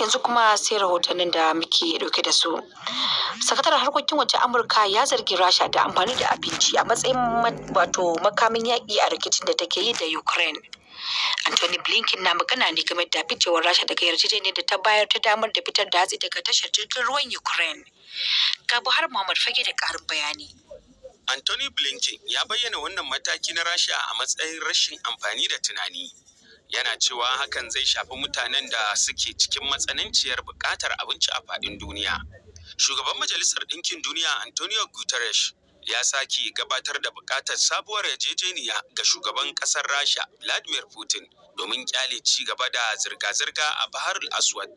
yanzu kuma sai rahotannin da muke dauke da su sakataren harkokin waje amurka ya zargi rasha da amfani da abinci a matsayin wato makamin yaƙi a rikicin da take yi da ukraine Anthony Blinken na magana ne game da ficewar Rasha daga yarjejeniyar da ta bayar ta damar da fitar da hatsi daga tashar jirgin ruwan Ukraine. Ga har Muhammad Fage da karin bayani. Anthony Blinken ya bayyana wannan mataki na Rasha a matsayin rashin amfani da tunani yana cewa hakan zai shafi mutanen da suke cikin matsananciyar buƙatar abinci a faɗin duniya. Shugaban Majalisar Ɗinkin Duniya Antonio Guterres ya sake gabatar da buƙatar sabuwar yarjejeniya ga shugaban ƙasar Rasha Vladimir Putin domin kyale ci gaba da zirga-zirga a Bahar aswad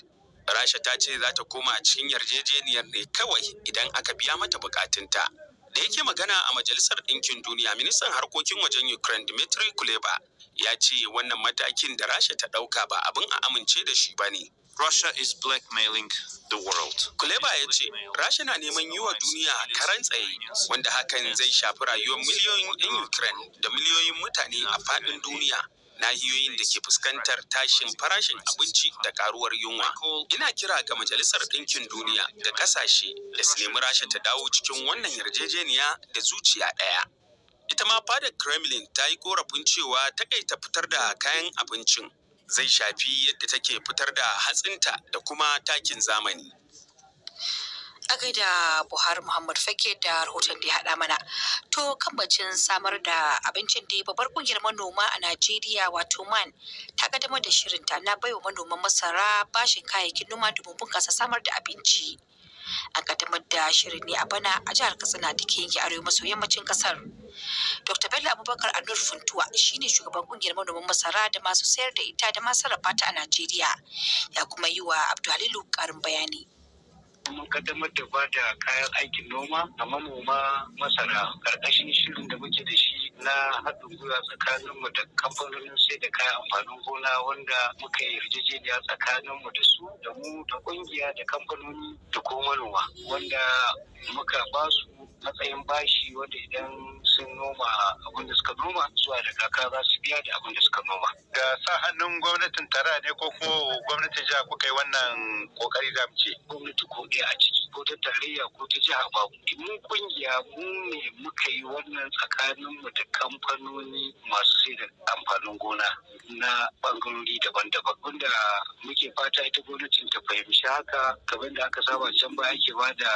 Rasha ta ce za ta koma cikin yarjejeniyar ne kawai idan aka biya mata buƙatunta. da yake magana a majalisar ɗinkin duniya ministan harkokin wajen ukraine dmitry kuleba ya ce wannan matakin da rasha ta ɗauka ba abin a amince da shi ba ne Russia is blackmailing the world. Kuleba ya ce, Rasha na neman yi wa duniya karan tsaye, wanda hakan zai shafi rayuwar miliyoyin 'yan Ukraine da miliyoyin mutane a faɗin duniya. nahiyoyin da ke fuskantar tashin farashin abinci da karuwar yunwa. Ina kira ga Majalisar Ɗinkin Duniya da ƙasashe da su nemi Rasha ta dawo cikin wannan yarjejeniya da zuciya ɗaya. Ita ma fadar Kremlin ta yi korafin cewa ta ta fitar da kayan abincin zai shafi yadda take fitar da hatsinta da kuma takin zamani. a da buhari muhammad fage da rahoton da ya haɗa mana to kan bacin samar da abincin da babbar kungiyar manoma a najeriya wato man ta kaddamar da shirinta na baiwa manoman masara bashin kayayyakin noma domin bunkasa samar da abinci an kaddamar da shirin ne a bana a jihar katsina da ke yanke arewa maso yammacin kasar dr bello abubakar anur funtuwa shine shugaban kungiyar manoman masara da masu sayar da ita da masu rabata a najeriya ya kuma yi wa abdulhalilu karin bayani mun kaddamar da ba da kayan aikin noma a manoma masara karkashin shirin da muke da shi na haɗin gwiwa tsakanin mu da kamfanonin sai da kayan amfanin gona wanda muka yi yarjejeniya tsakanin mu da su da mu da kungiya da kamfanoni da ko manoma wanda muka ba su matsayin bashi wanda idan sun noma abin da suka noma zuwa da kaka za su biya da abin da suka noma. Ga sa hannun gwamnatin tara ne ko kuma gwamnatin jiha kuka yi wannan kokari za mu ce. Gwamnati ko ɗaya a ciki ko ta tarayya ko ta jiha ku. Mu kungiya mu ne muka yi wannan tsakanin mu da kamfanoni masu sai da amfanin gona na bangarori daban-daban. Wanda muke fata ita gwamnatin ta fahimci haka kamar da aka saba can ba ke ba da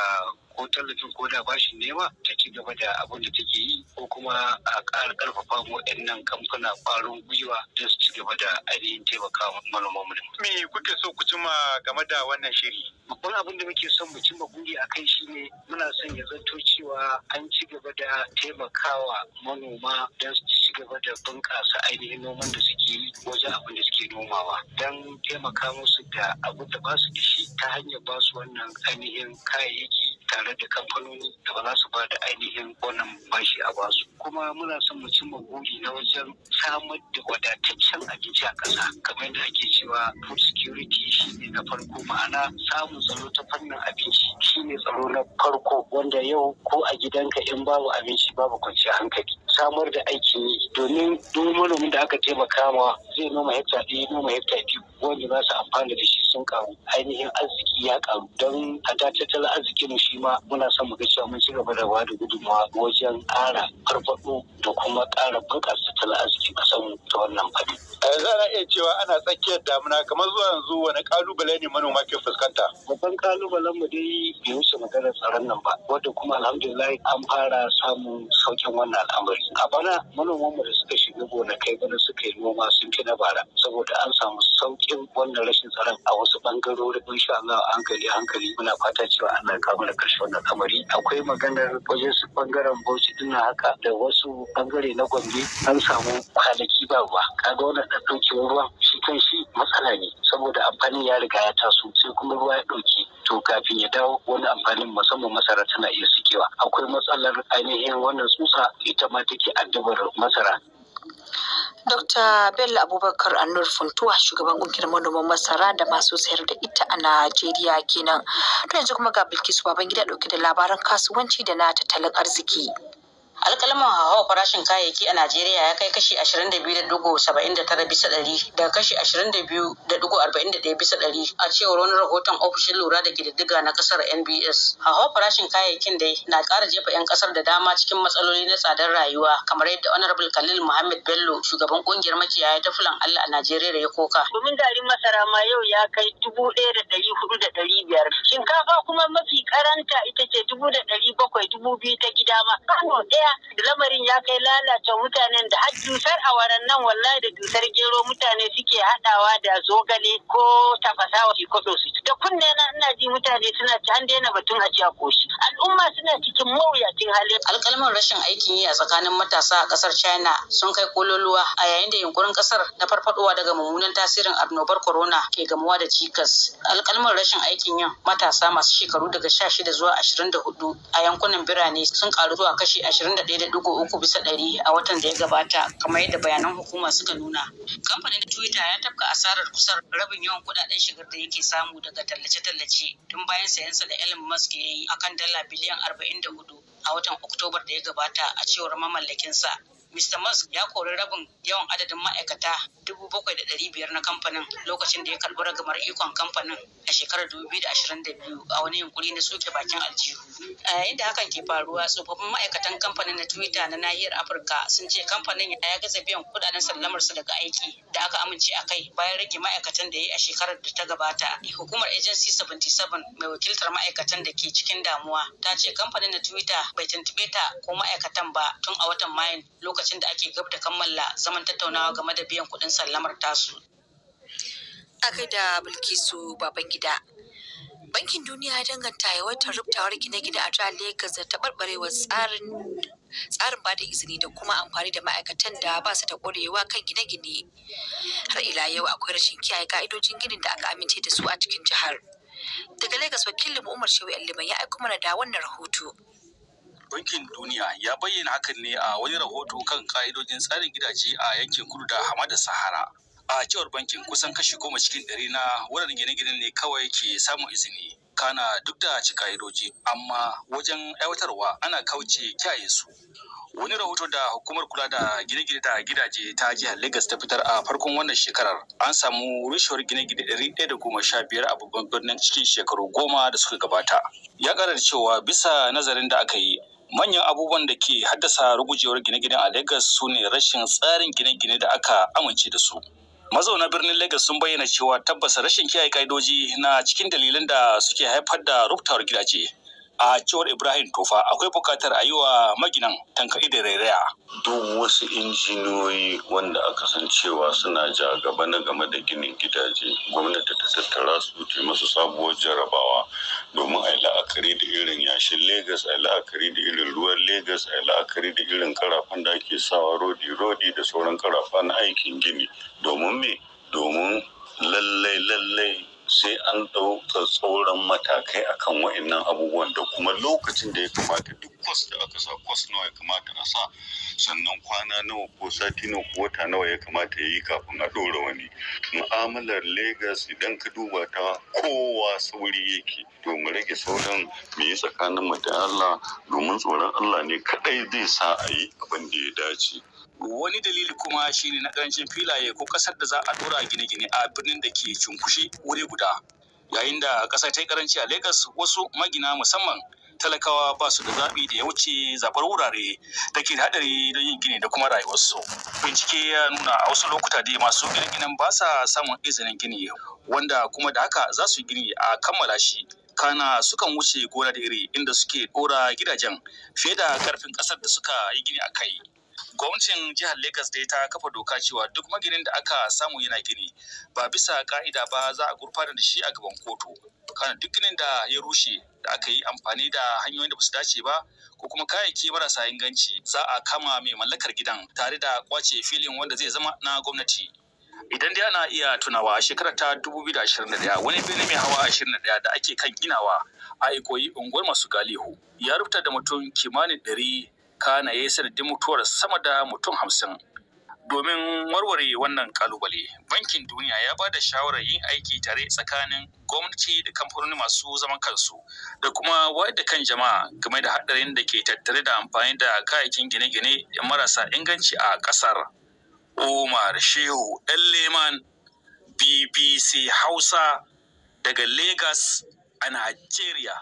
ko tallafin ko da bashin nema ta ci gaba da abin da take yi ko kuma a ƙara ƙarfafa mu nan kamfuna ƙwarin gwiwa don su ci gaba da ainihin taimaka manoman mu. Me kuke so ku cima game da wannan shiri? Babban abin da muke son mu cimma buri a kai shi ne muna son ya zanto cewa an ci gaba da taimakawa manoma don su ci gaba da bunƙasa ainihin noman da suke yi wajen abin da suke nomawa don taimaka musu da abin da ba su da shi ta hanyar ba su wannan ainihin kayayyaki tare da kamfanoni da ba za su ba da ainihin wannan bashi a basu kuma muna son mu cimma buri na wajen samar da wadataccen abinci a ƙasa kamar yadda ake cewa food security shi ne na farko ma'ana samun tsaro ta fannin abinci shi ne tsaro na farko wanda yau ko a gidanka in babu abinci babu kwanciyar hankali samar da aikin yi domin duk da aka taimaka ma zai noma hekta ɗaya noma hekta biyu wanda za su amfana da shi sun karu ainihin arziki ya karu don hada tattalin arzikin shi ma muna son mu ga cewa mun ci gaba da ba gudunmawa wajen ƙara farfaɗo da kuma ƙara bunƙasa tattalin arziki ƙasar ta wannan fadi. Eh, za iya cewa ana tsakiyar damuna kamar zuwa yanzu wani kalubale ne manoma ke fuskanta. babban kalubalen mu dai bai wuce maganar tsaron nan ba wanda kuma alhamdulillah an fara samun saukin wannan al'amari a bana manoman mu da suka shiga gonakai bana suka yi noma sun fi na bara saboda an samu saukin wannan rashin tsaron a wasu bangarori sha Allah hankali hankali muna fata cewa na ya da karshe wannan al'amari akwai maganar wajen su bangaren Bauchi dinnan haka da wasu bangare na Gombe an samu samu kwanaki ba ruwa kaga wannan ɗan ɗaukewar ruwan shi kan shi matsala ne saboda amfanin ya riga ya taso sai kuma ruwa ya ɗauki to kafin ya dawo wani amfanin musamman masara tana iya sikewa akwai matsalar ainihin wannan tsutsa ita ma take addabar masara dokta Bello Abubakar Annur Funtuwa shugaban kungiyar manoman masara da masu sayar da ita a Najeriya kenan. To yanzu kuma ga Bilkisu Babangida dauke da labaran kasuwanci da na tattalin arziki. alkalman hawa farashin kayayyaki a najeriya ya kai kashi 22.79 bisa ɗari da kashi 22.41 bisa ɗari a cewar wani rahoton ofishin lura da ƙididdiga na ƙasar nbs hawa farashin kayayyakin dai na ƙara jefa 'yan ƙasar da dama cikin matsaloli na tsadar rayuwa kamar yadda honorable khalil muhammad bello shugaban ƙungiyar makiyaya ta fulan allah a najeriya da ya koka domin garin masara ma yau ya kai dubu da ɗari hudu da ɗari biyar shinkafa kuma mafi karanta ita ce dubu da ɗari bakwai dubu biyu ta gida ma kano ɗaya lamarin ya kai lalata mutanen da har dusar awaran nan wallahi da dusar gero mutane suke haɗawa da zogale ko tafasawa shi kwaɗo su da kunne na ina ji mutane suna ci an daina batun a ci a koshi al'umma suna cikin mawuyacin hali. alƙalman rashin aikin yi a tsakanin matasa a ƙasar china sun kai kololuwa a yayin da yunkurin ƙasar na farfadowa daga mummunan tasirin annobar corona ke gamuwa da cikas alƙalman rashin aikin yin matasa masu shekaru daga 16 zuwa 24 a yankunan birane sun karu zuwa kashi 20 da ɗaya da ɗigo uku bisa ɗari a watan da ya gabata kamar yadda bayanan hukuma suka nuna. Kamfanin Twitter ya tafka asarar kusan rabin yawan kuɗaɗen shigar da yake samu daga tallace-tallace tun bayan sayansa da Elon Musk ya yi akan dala biliyan arba'in da hudu a watan Oktobar da ya gabata a cewar mamallakinsa. Mr. Musk ya kori rabin yawan adadin ma'aikata 7,500 na kamfanin lokacin da ya karbi ragamar ikon kamfanin a shekarar 2022 a wani yunkuri na soke bakin aljihu. A yayin da hakan ke faruwa tsofaffin ma'aikatan kamfanin na Twitter na nahiyar Afirka sun ce kamfanin ya gaza biyan kudaden sallamarsu daga aiki da aka amince a kai bayan rage ma'aikatan da ya yi a shekarar da ta gabata. Hukumar Agency 77 mai wakiltar ma'aikatan da ke cikin damuwa ta ce kamfanin na Twitter bai tuntube ta ko ma'aikatan ba tun a watan Mayun lokacin lokacin da ake gab da kammala zaman tattaunawa game da biyan kuɗin sallamar tasu. A da Bilkisu baban gida Bankin Duniya ya danganta yawaitar rubutawar gine-gine a jihar Legas da taɓarɓarewar tsarin tsarin bada izini da kuma amfani da ma'aikatan da ba su da ƙwarewa kan gine-gine. Har ila yau akwai rashin kiyaye ka'idojin ginin da aka amince da su a cikin jihar. Daga Legas wakilin Umar Shehu Liman ya aiko mana da wannan rahoto. bankin duniya ya bayyana hakan ne a wani rahoto kan ka'idojin tsarin gidaje a yankin kudu da hamada sahara a cewar bankin kusan kashi goma cikin ɗari na wurin gine-ginen ne kawai ke samun izini kana duk da ci ka'idoji amma wajen aiwatarwa ana kauce kyaye su wani rahoto da hukumar kula da gine-gine da gidaje ta jihar Legas ta fitar a farkon wannan shekarar an samu rushewar gine-gine ɗari ɗaya da goma sha biyar a babban birnin cikin shekaru goma da suka gabata. Ya ƙara da cewa bisa nazarin da aka yi manyan abubuwan da ke haddasa rugujewar gine-gine a legas su ne rashin tsarin gine-gine da aka amince da su. Mazauna birnin legas sun bayyana cewa tabbas rashin kiyaye ka'idoji na cikin dalilan da suke haifar da rubutawar gidaje. a cewar ibrahim tofa akwai bukatar a yi wa maginan tankaɗi da rairaya duk wasu injiniyoyi wanda aka san cewa suna ja gaba na game da ginin gidaje gwamnati ta tattara su ta masu sabuwar jarabawa domin a yi la'akari da irin yashin Legas, a yi la'akari da irin ruwan Legas, a yi la'akari da irin karafan da ake sawa rodi-rodi da sauran karafan aikin gini domin me domin lallai lallai sai an ɗauka tsoron matakai akan wa'annan abubuwan da kuma lokacin da ya kamata duk kwas da aka sa kwas nawa ya kamata a sa sannan kwana nawa ko sati nawa ko wata nawa ya kamata ya yi kafin a ɗora wani mu'amalar Legas idan ka duba ta kowa sauri yake to mu rage sauran mu yi tsakanin mu da Allah domin tsoron Allah ne kaɗai zai sa a yi abin da ya dace wani dalili kuma shine na ƙarancin filaye ko ƙasar da za a ɗora gine-gine a birnin da ke cunkushe wuri guda yayin da ƙasa ta yi ƙaranci a Legas wasu magina musamman talakawa ba su da zaɓi da ya wuce zaɓar wurare da ke haɗari don yin gini da kuma rayuwarsu. Bincike ya nuna a wasu lokuta dai masu gine-ginen ba sa samun izinin gini wanda kuma da haka za su gini a kammala shi kana sukan wuce gona da iri inda suke ɗora gidajen fiye da ƙarfin ƙasar da suka yi gini a kai. Gwamnatin jihar Lagos dai ta kafa doka cewa duk maginin da aka samu yana gini ba bisa ka'ida ba za a gurfanar da shi a gaban kotu. Kana duk ginin da ya rushe da aka yi amfani da hanyoyin da basu dace ba ko kuma kayayyaki marasa inganci za a kama mai mallakar gidan tare da kwace filin wanda zai zama na gwamnati. idan dai ana iya tunawa a shekarar ta 2021 wani bene mai hawa 21 da ake kan ginawa a ikoyi unguwar masu galihu ya rubuta da mutum kimanin ɗari kana ya yi sanadin mutuwar sama da mutum hamsin. Domin warware wannan kalubale, Bankin Duniya ya ba da shawarar yin aiki tare tsakanin gwamnati da kamfanoni masu zaman kansu da kuma wayar da kan jama'a game da haɗarin da ke tattare da amfani da kayayyakin gine-gine marasa inganci a ƙasar. Umar Shehu ɗan Leman BBC Hausa daga Legas a Najeriya.